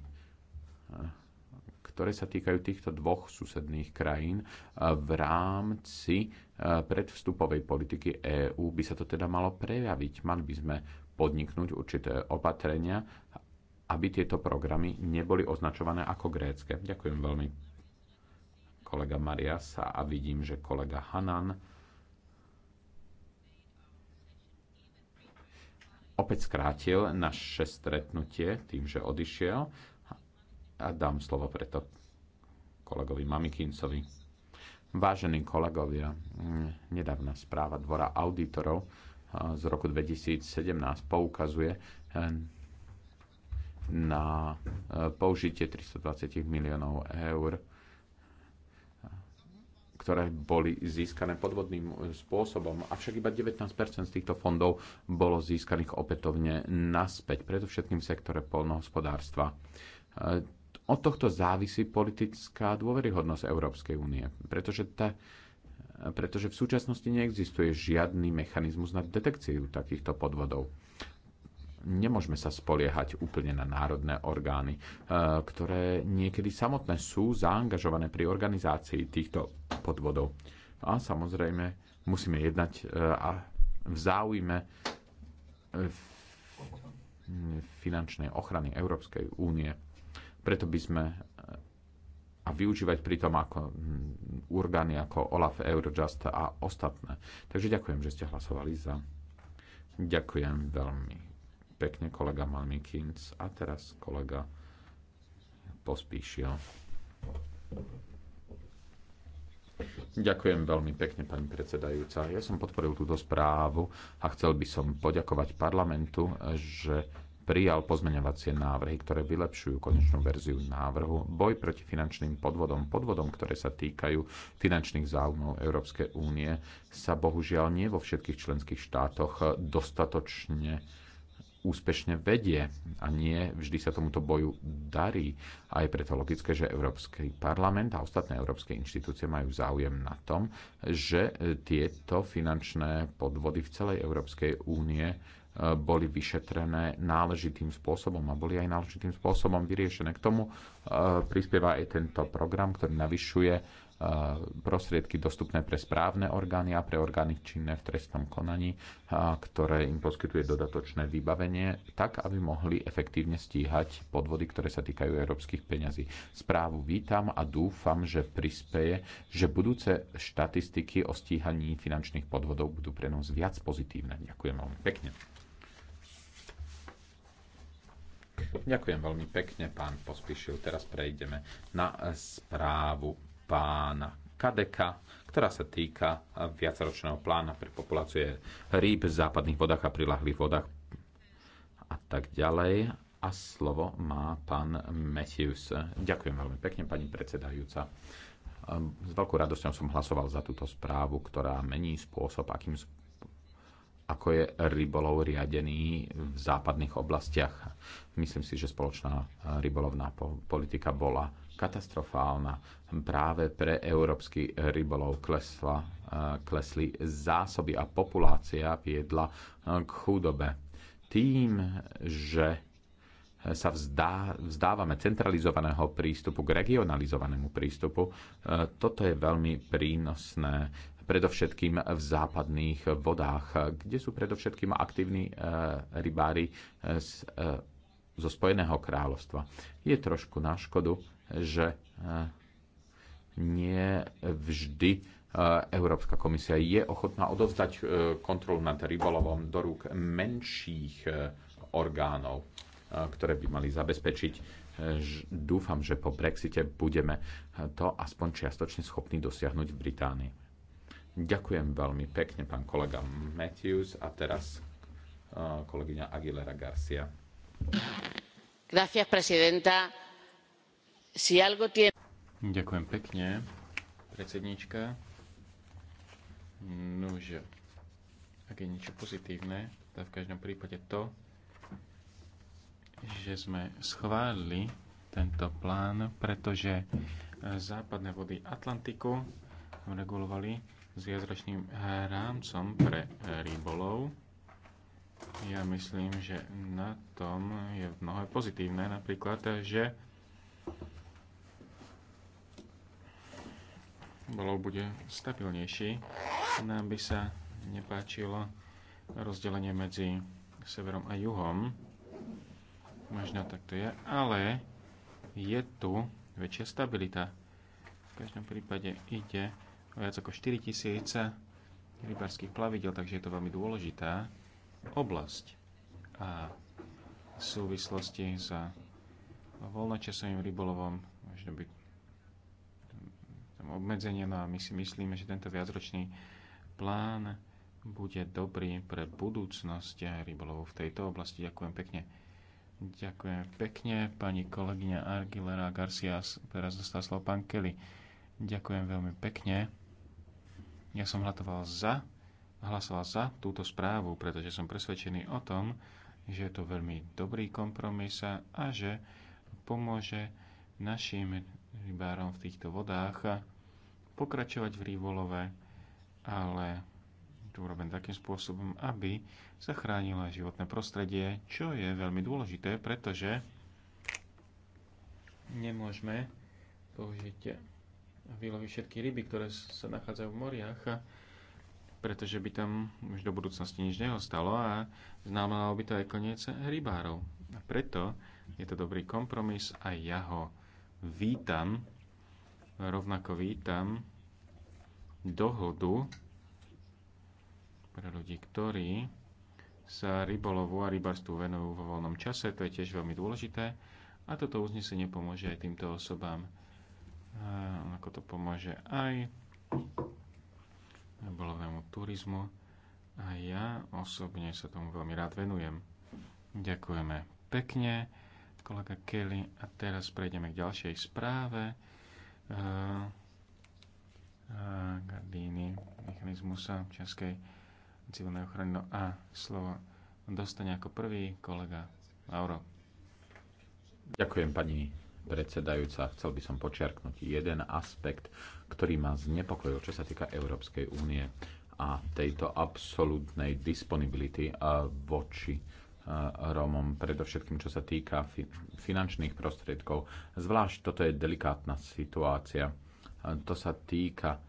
ktoré sa týkajú týchto dvoch susedných krajín v rámci predvstupovej politiky EÚ by sa to teda malo prejaviť. Mali by sme podniknúť určité opatrenia aby tieto programy neboli označované ako grécke. Ďakujem veľmi kolega Marias a vidím, že kolega Hanan opäť skrátil naše stretnutie tým, že odišiel a dám slovo preto kolegovi Mamikincovi. Vážení kolegovia, nedávna správa Dvora auditorov z roku 2017 poukazuje na eh, použitie 320 miliónov eur, ktoré boli získané podvodným eh, spôsobom. Avšak iba 19 z týchto fondov bolo získaných opätovne naspäť, predovšetkým v sektore polnohospodárstva. Eh, od tohto závisí politická dôveryhodnosť Európskej únie, pretože tá, pretože v súčasnosti neexistuje žiadny mechanizmus na detekciu takýchto podvodov nemôžeme sa spoliehať úplne na národné orgány, e, ktoré niekedy samotné sú zaangažované pri organizácii týchto podvodov. A samozrejme musíme jednať e, a v záujme e, finančnej ochrany Európskej únie. Preto by sme a využívať pritom ako orgány ako OLAF, Eurojust a ostatné. Takže ďakujem, že ste hlasovali za. Ďakujem veľmi pekne kolega Malmikins a teraz kolega pospíšil. Ďakujem veľmi pekne, pani predsedajúca. Ja som podporil túto správu a chcel by som poďakovať parlamentu, že prijal pozmeňovacie návrhy, ktoré vylepšujú konečnú verziu návrhu. Boj proti finančným podvodom, podvodom, ktoré sa týkajú finančných záujmov Európskej únie, sa bohužiaľ nie vo všetkých členských štátoch dostatočne úspešne vedie a nie vždy sa tomuto boju darí. A je preto logické, že Európsky parlament a ostatné európske inštitúcie majú záujem na tom, že tieto finančné podvody v celej Európskej únie e, boli vyšetrené náležitým spôsobom a boli aj náležitým spôsobom vyriešené. K tomu e, prispieva aj tento program, ktorý navyšuje prostriedky dostupné pre správne orgány a pre orgány činné v trestnom konaní, ktoré im poskytuje dodatočné vybavenie, tak aby mohli efektívne stíhať podvody, ktoré sa týkajú európskych peňazí. Správu vítam a dúfam, že prispieje, že budúce štatistiky o stíhaní finančných podvodov budú pre nás viac pozitívne. Ďakujem veľmi pekne. Ďakujem veľmi pekne, pán Pospišil. Teraz prejdeme na správu pána Kadeka, ktorá sa týka viacročného plána pre populácie rýb v západných vodách a prilahlých vodách a tak ďalej. A slovo má pán Matthews. Ďakujem veľmi pekne, pani predsedajúca. S veľkou radosťou som hlasoval za túto správu, ktorá mení spôsob, akým ako je rybolov riadený v západných oblastiach. Myslím si, že spoločná rybolovná politika bola katastrofálna. Práve pre európsky rybolov klesla, eh, klesli zásoby a populácia viedla eh, k chudobe. Tým, že sa vzdá, vzdávame centralizovaného prístupu k regionalizovanému prístupu, eh, toto je veľmi prínosné predovšetkým v západných vodách, kde sú predovšetkým aktívni rybári z, zo Spojeného kráľovstva. Je trošku na škodu, že e, nie vždy e, Európska komisia je ochotná odovzdať e, kontrolu nad rybolovom do rúk menších orgánov, ktoré by mali zabezpečiť. Dúfam, že po Brexite budeme to aspoň čiastočne schopní dosiahnuť v Británii. Ďakujem veľmi pekne, pán kolega Matthews a teraz kolegyňa Aguilera Garcia. Gracias, presidenta si algo tiene... Ďakujem pekne, predsednička. Nože, ak je niečo pozitívne, tak v každom prípade to, že sme schválili tento plán, pretože eh, západné vody Atlantiku regulovali s viacročným rámcom pre eh, rybolov. Ja myslím, že na tom je mnohé pozitívne, napríklad, že bolo bude stabilnejší. Nám by sa nepáčilo rozdelenie medzi severom a juhom. Možno tak to je, ale je tu väčšia stabilita. V každom prípade ide o viac ako 4000 rybárskych plavidel, takže je to veľmi dôležitá oblasť. A v súvislosti s voľnočasovým rybolovom možno by tam obmedzenia, no a my si myslíme, že tento viacročný plán bude dobrý pre budúcnosť rybolovu v tejto oblasti. Ďakujem pekne. Ďakujem pekne, pani kolegyňa Argilera Garcia, teraz dostal slovo pán Kelly. Ďakujem veľmi pekne. Ja som hlasoval za, hlasoval za túto správu, pretože som presvedčený o tom, že je to veľmi dobrý kompromis a že pomôže našim rybárom v týchto vodách pokračovať v rývolove, ale to urobené takým spôsobom, aby zachránila životné prostredie, čo je veľmi dôležité, pretože nemôžeme použiť vyloviť všetky ryby, ktoré sa nachádzajú v moriach, pretože by tam už do budúcnosti nič neostalo a znamenalo by to aj koniec rybárov. A preto je to dobrý kompromis a ja ho vítam, rovnako vítam dohodu pre ľudí, ktorí sa rybolovu a rybarstvu venujú vo voľnom čase, to je tiež veľmi dôležité a toto uznesenie pomôže aj týmto osobám. A ako to pomôže aj rybolovému turizmu a ja osobne sa tomu veľmi rád venujem. Ďakujeme pekne kolega Kelly. A teraz prejdeme k ďalšej správe. Uh, eh, uh, eh, Gardíny, mechanizmus Českej civilnej ochrany. No a slovo dostane ako prvý kolega Lauro. Ďakujem pani predsedajúca. Chcel by som počiarknúť jeden aspekt, ktorý ma znepokojil, čo sa týka Európskej únie a tejto absolútnej disponibility eh, voči Rómom, predovšetkým čo sa týka finančných prostriedkov. Zvlášť toto je delikátna situácia. To sa týka e,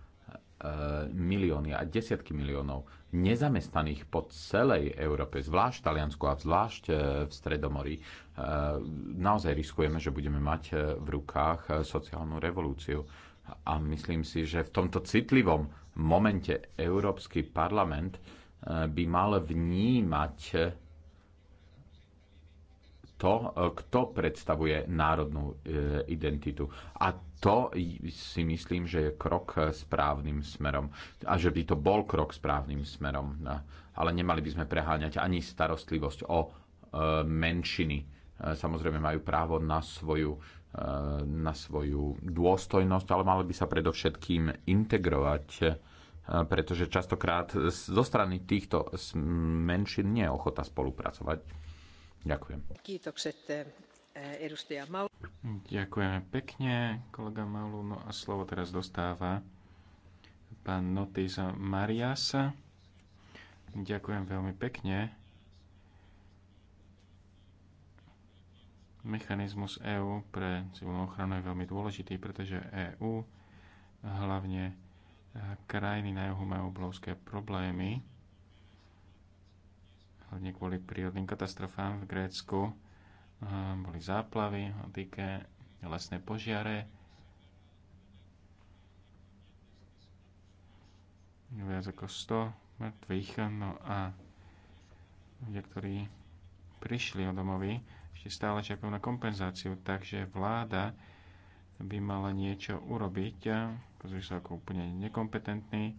milióny a desiatky miliónov nezamestnaných po celej Európe, zvlášť v Taliansku a zvlášť e, v Stredomorí. E, naozaj riskujeme, že budeme mať v rukách sociálnu revolúciu. A myslím si, že v tomto citlivom momente Európsky parlament by mal vnímať to, kto predstavuje národnú e, identitu. A to si myslím, že je krok správnym smerom. A že by to bol krok správnym smerom. No. Ale nemali by sme preháňať ani starostlivosť o e, menšiny. E, samozrejme majú právo na svoju, na svoju dôstojnosť, ale mali by sa predovšetkým integrovať pretože častokrát zo strany týchto menšín nie je ochota spolupracovať. Ďakujem. Eh, Ďakujeme pekne, kolega Maulu. No a slovo teraz dostáva pán Notis Mariasa. Ďakujem veľmi pekne. Mechanizmus EÚ pre civilnú ochranu je veľmi dôležitý, pretože EÚ, hlavne krajiny na juhu majú obrovské problémy hlavne kvôli prírodným katastrofám v Grécku. Boli záplavy, dike, lesné požiare. Viac ako 100 mŕtvych. No a ľudia, ktorí prišli o domovy, ešte stále čakajú na kompenzáciu, takže vláda by mala niečo urobiť. Pozri sa ako úplne nekompetentný.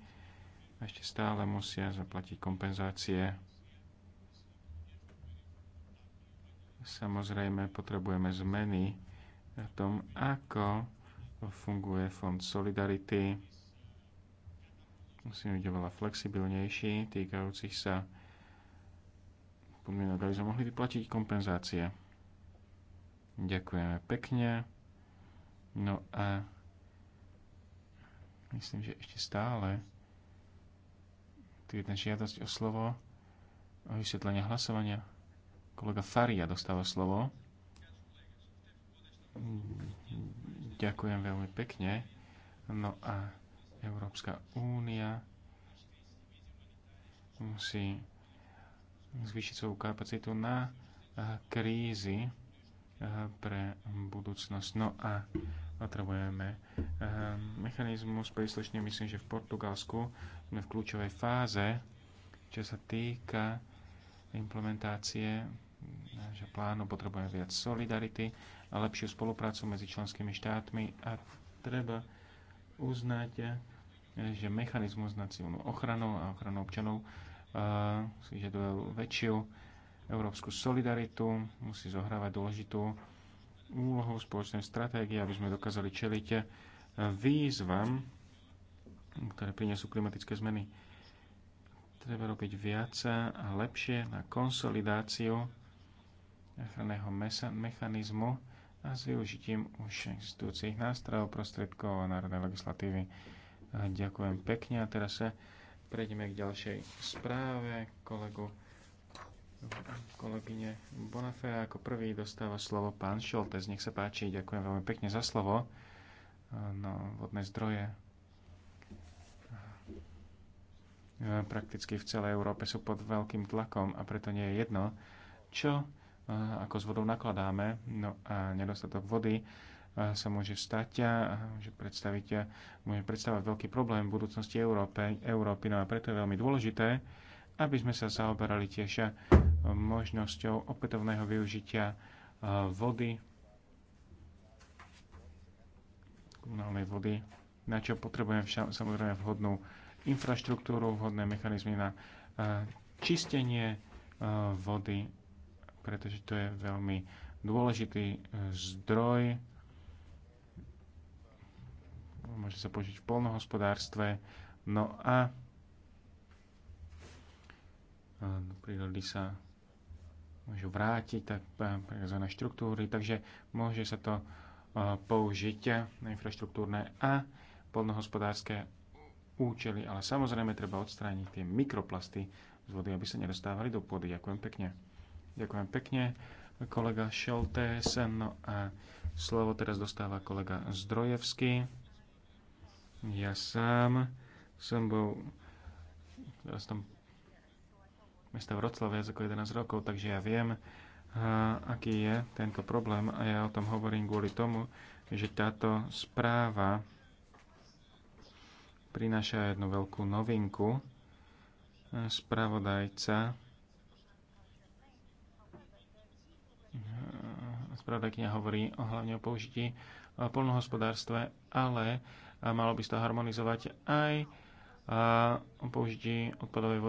Ešte stále musia zaplatiť kompenzácie Samozrejme, potrebujeme zmeny v tom, ako funguje Fond Solidarity. Musíme byť oveľa flexibilnejší, týkajúcich sa podmienok, aby sme mohli vyplatiť kompenzácie. Ďakujeme pekne. No a myslím, že ešte stále tu je jedna žiadosť o slovo o vysvetlenie hlasovania. Kolega Faria dostáva slovo. Ďakujem veľmi pekne. No a Európska únia musí zvýšiť svoju kapacitu na eh, krízy eh, pre budúcnosť. No a potrebujeme eh, mechanizmus príslušne, myslím, že v Portugalsku sme v kľúčovej fáze, čo sa týka implementácie že plánu potrebujeme viac solidarity a lepšiu spoluprácu medzi členskými štátmi a treba uznať, že mechanizmus na civilnú ochranu a ochranu občanov si žiadajú väčšiu európsku solidaritu, musí zohrávať dôležitú úlohu v spoločnej stratégii, aby sme dokázali čeliť výzvam, ktoré prinesú klimatické zmeny. Treba robiť viac a lepšie na konsolidáciu záchranného mechanizmu a s využitím už existujúcich nástrojov, prostriedkov a národnej legislatívy. Ďakujem pekne a teraz sa prejdeme k ďalšej správe kolegu kolegyne Bonafé. Ako prvý dostáva slovo pán Šoltes. Nech sa páči, ďakujem veľmi pekne za slovo. No, vodné zdroje eh, prakticky v celej Európe sú pod veľkým tlakom a preto nie je jedno, čo ako s vodou nakladáme. No a nedostatok vody sa môže stať a môže predstaviť, môže predstavať veľký problém v budúcnosti Európe, Európy. No a preto je veľmi dôležité, aby sme sa zaoberali tiež možnosťou opätovného využitia vody, komunálnej vody, na čo potrebujeme samozrejme vhodnú infraštruktúru, vhodné mechanizmy na čistenie vody pretože to je veľmi dôležitý e, zdroj. Môže sa použiť v polnohospodárstve. No a e, do prírody sa môžu vrátiť, tak prirodzené e, štruktúry, takže môže sa to použiť na infraštruktúrne a polnohospodárske účely, ale samozrejme treba odstrániť tie mikroplasty z vody, aby sa nedostávali do pôdy. Ďakujem pekne. Ďakujem pekne, kolega Šoltés. No a slovo teraz dostáva kolega Zdrojevský. Ja sám som bol teraz tam mesta Vroclav viac ako 11 rokov, takže ja viem, a aký je tento problém a ja o tom hovorím kvôli tomu, že táto správa prináša jednu veľkú novinku. Spravodajca kniha hovorí o hlavne o použití v e, polnohospodárstve, ale e, malo by sa harmonizovať aj e, o použití odpadovej vody